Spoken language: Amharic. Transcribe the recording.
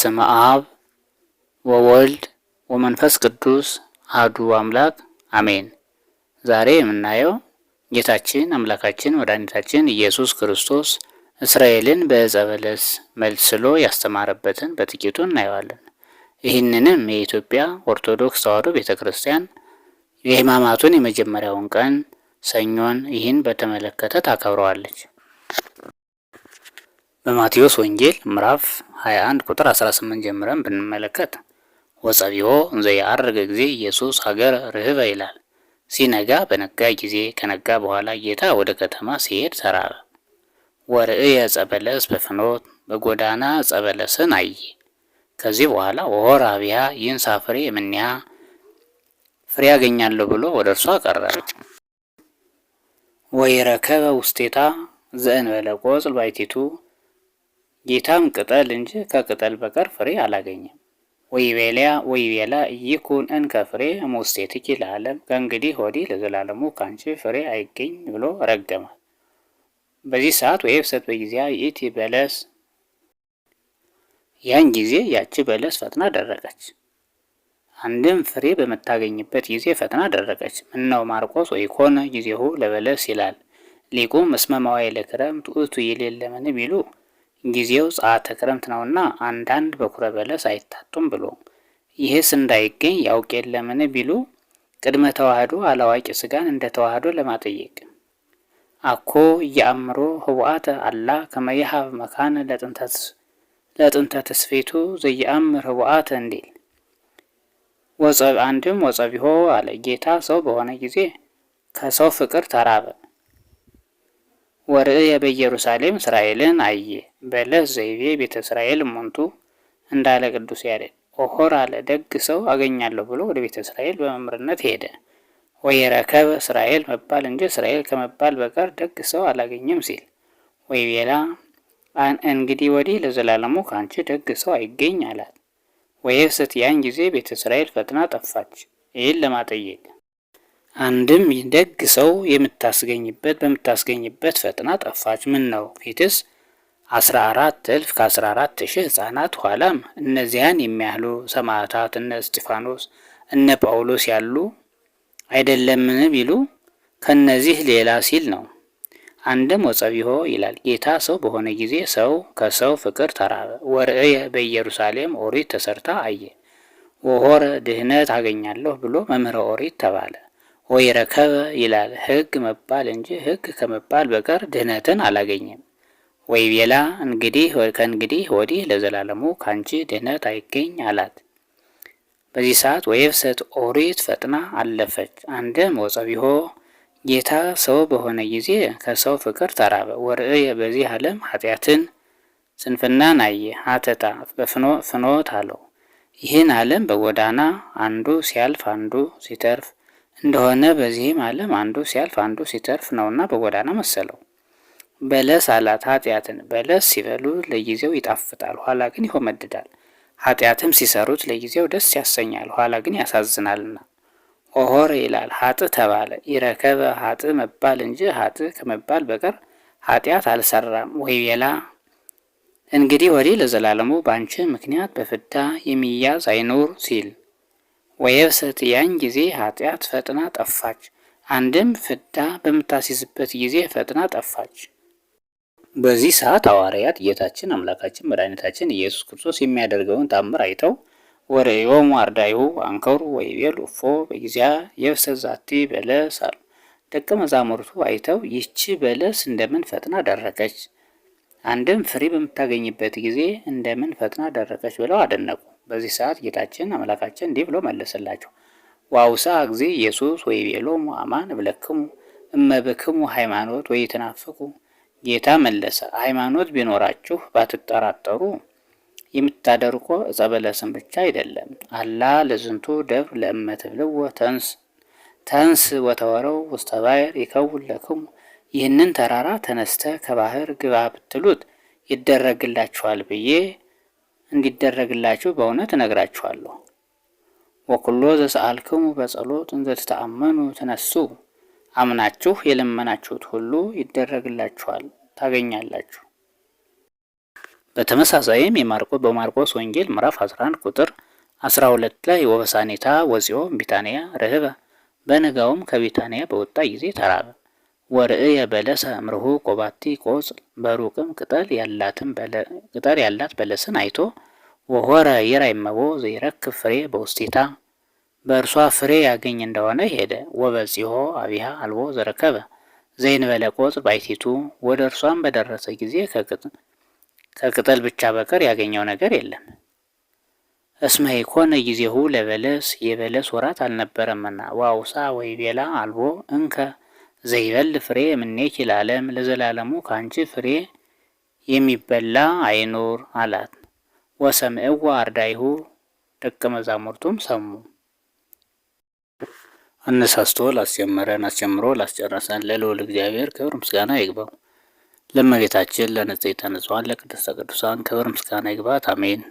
በስመ አብ ወወልድ ወመንፈስ ቅዱስ አዱ አምላክ አሜን። ዛሬ የምናየው ጌታችን አምላካችን መድኃኒታችን ኢየሱስ ክርስቶስ እስራኤልን በዕፀ በለስ መልስሎ ያስተማረበትን በጥቂቱ እናየዋለን። ይህንንም የኢትዮጵያ ኦርቶዶክስ ተዋሕዶ ቤተ ክርስቲያን የሕማማቱን የመጀመሪያውን ቀን ሰኞን ይህን በተመለከተ ታከብረዋለች። በማቴዎስ ወንጌል ምዕራፍ 21 ቁጥር 18 ጀምረን ብንመለከት ወጸቢሆ ዘያአርግ ጊዜ ኢየሱስ ሀገር ርህበ ይላል። ሲነጋ በነጋ ጊዜ ከነጋ በኋላ ጌታ ወደ ከተማ ሲሄድ ተራበ። ወርእየ የጸበለስ በፍኖት በጎዳና ጸበለስን አየ። ከዚህ በኋላ ወሆራቢያ ቢሃ ይህን ሳፍሬ ምንያ ፍሬ ያገኛለሁ ብሎ ወደ እርሷ ቀረበ። ወይረከበ ውስቴታ ዘእንበለ ቆጽል ባይቲቱ ጌታም ቅጠል እንጂ ከቅጠል በቀር ፍሬ አላገኘም። ወይቤልያ ወይቤላ ይኩን እንከ ፍሬ ሙሴትኪ ለዓለም፣ ከእንግዲህ ወዲህ ለዘላለሙ ካንቺ ፍሬ አይገኝ ብሎ ረገማል። በዚህ ሰዓት ወይፍሰት በጊዜያ ይእቲ በለስ፣ ያን ጊዜ ያቺ በለስ ፈጥና ደረቀች። አንድም ፍሬ በምታገኝበት ጊዜ ፈጥና ደረቀች። ምነው ማርቆስ ወይኮነ ጊዜሁ ለበለስ ይላል ሊቁም እስመ መዋዕለ ክረምት ውእቱ የሌለምን ቢሉ ጊዜው ጸአተ ክረምት ነውና አንዳንድ በኩረ በለስ አይታጡም ብሎ ይህስ እንዳይገኝ ያውቅ የለምን ቢሉ ቅድመ ተዋህዶ አላዋቂ ስጋን እንደ ተዋህዶ ለማጠየቅ አኮ እየአእምሮ ህቡአተ አላ ከመየሃብ መካን ለጥንተ ተስፌቱ ዘየአምር ህቡአተ እንዲል ወጸብ አንድም ወጸቢሆ አለ ጌታ ሰው በሆነ ጊዜ ከሰው ፍቅር ተራበ። ወርእየ በኢየሩሳሌም እስራኤልን አየ በለስ ዘይቤ ቤተ እስራኤል ሙንቱ እንዳለ ቅዱስ ያሬድ። ኦሆር አለ ደግ ሰው አገኛለሁ ብሎ ወደ ቤተ እስራኤል በመምህርነት ሄደ። ወይ ረከብ እስራኤል መባል እንጂ እስራኤል ከመባል በቀር ደግ ሰው አላገኘም ሲል ወይ ቤላ እንግዲህ ወዲህ ለዘላለሙ ከአንቺ ደግ ሰው አይገኝ አላት። ስት ያን ጊዜ ቤተ እስራኤል ፈጥና ጠፋች። ይህን ለማጠየቅ አንድም ደግ ሰው የምታስገኝበት በምታስገኝበት ፈጥና ጠፋች። ምን ነው ፊትስ አስራ አራት እልፍ ከአስራ አራት ሺህ ሕፃናት ኋላም እነዚያን የሚያህሉ ሰማዕታት እነ እስጢፋኖስ እነ ጳውሎስ ያሉ አይደለምን ቢሉ ከነዚህ ሌላ ሲል ነው። አንድም ወጸቢሆ ይላል ጌታ ሰው በሆነ ጊዜ ሰው ከሰው ፍቅር ተራበ። ወርእየ በኢየሩሳሌም ኦሪት ተሰርታ አየ። ወሆር ድህነት አገኛለሁ ብሎ መምህረ ኦሪት ተባለ። ወይ ረከበ ይላል ህግ መባል እንጂ ህግ ከመባል በቀር ድህነትን አላገኘም። ወይ ቤላ እንግዲህ ከእንግዲህ ወዲህ ለዘላለሙ ካንቺ ድህነት አይገኝ አላት። በዚህ ሰዓት ወየብሰት ኦሪት ፈጥና አለፈች። አንድም ወፀቢሆ ጌታ ሰው በሆነ ጊዜ ከሰው ፍቅር ተራበ። ወርእየ በዚህ ዓለም ኃጢአትን ስንፍናን አየ። ሀተታ በፍኖት አለው። ይህን ዓለም በጎዳና አንዱ ሲያልፍ አንዱ ሲተርፍ እንደሆነ በዚህም ዓለም አንዱ ሲያልፍ አንዱ ሲተርፍ ነውና በጎዳና መሰለው። በለስ አላት ኃጢአትን። በለስ ሲበሉ ለጊዜው ይጣፍጣል፣ ኋላ ግን ይሆመድዳል። ኃጢአትም ሲሰሩት ለጊዜው ደስ ያሰኛል፣ ኋላ ግን ያሳዝናልና። ኦሆር ይላል ሀጥ ተባለ። ይረከበ ሀጥ መባል እንጂ ሀጥ ከመባል በቀር ኃጢአት አልሰራም። ወይቤላ እንግዲህ ወዲህ ለዘላለሙ በአንቺ ምክንያት በፍዳ የሚያዝ አይኑር ሲል ወየብሰት ያን ጊዜ ኃጢአት ፈጥና ጠፋች። አንድም ፍዳ በምታስይዝበት ጊዜ ፈጥና ጠፋች። በዚህ ሰዓት ሐዋርያት ጌታችን አምላካችን መድኃኒታችን ኢየሱስ ክርስቶስ የሚያደርገውን ታምር አይተው ወደ ዮሙ አርዳይሁ አንከሩ ወይቤሉ እፎ በጊዜያ የብሰት ዛቲ በለስ አሉ። ደቀ መዛሙርቱ አይተው ይቺ በለስ እንደምን ፈጥና ደረቀች፣ አንድም ፍሬ በምታገኝበት ጊዜ እንደምን ፈጥና ደረቀች ብለው አደነቁ። በዚህ ሰዓት ጌታችን አምላካችን እንዲህ ብሎ መለሰላቸው፣ ዋውሳ ጊዜ ኢየሱስ ወይቤሎሙ አማን እብለክሙ እመብክሙ ሃይማኖት ወይትናፍቁ። ጌታ መለሰ፣ ሃይማኖት ቢኖራችሁ ባትጠራጠሩ የምታደርቆ ዕፀ በለስን ብቻ አይደለም። አላ ለዝንቱ ደብር ለእመትብልዎ ተንስ ተንስ ወተወረው ውስተ ባሕር ይከውን ለክሙ። ይህንን ተራራ ተነስተ ከባህር ግባ ብትሉት ይደረግላችኋል ብዬ እንዲደረግላችሁ በእውነት እነግራችኋለሁ። ወኩሎ ዘሰአልክሙ በጸሎት እንዘ ትተአመኑ ትነሱ፣ አምናችሁ የለመናችሁት ሁሉ ይደረግላችኋል ታገኛላችሁ። በተመሳሳይም በማርቆስ ወንጌል ምዕራፍ 11 ቁጥር 12 ላይ ወበሳኔታ ወፂኦ ቢታንያ ርህበ፣ በነጋውም ከቢታንያ በወጣ ጊዜ ተራበ። ወርእየ በለሰ አምርሁ ቆባቲ ቆጽል በሩቅም ቅጠል ያላት በለስን አይቶ ወሆረ የራይመቦ ዘይረክብ ፍሬ በውስቲታ በእርሷ ፍሬ ያገኝ እንደሆነ ሄደ። ወበጺሖ አቢሃ አልቦ ዘረከበ ዘይንበለ ቆጽ ባይቲቱ ወደ እርሷም በደረሰ ጊዜ ከቅጠል ብቻ በቀር ያገኘው ነገር የለም። እስመ ኢኮነ ጊዜሁ ለበለስ የበለስ ወራት አልነበረምና። ዋውሳ ወይ ቤላ አልቦ እንከ ዘይበል ፍሬ እምኔኪ ለዓለም ለዘላለሙ ከአንቺ ፍሬ የሚበላ አይኖር አላት። ወሰምዕዋ አርዳይሁ ደቀ መዛሙርቱም ሰሙ። አነሳስቶ ላስጀመረን አስጀምሮ ላስጨረሰን ለልዑል እግዚአብሔር ክብር ምስጋና ይግባው። ለእመቤታችን ለንጽሕተ ንጹሐን ለቅድስተ ቅዱሳን ክብር ምስጋና ይግባት። አሜን።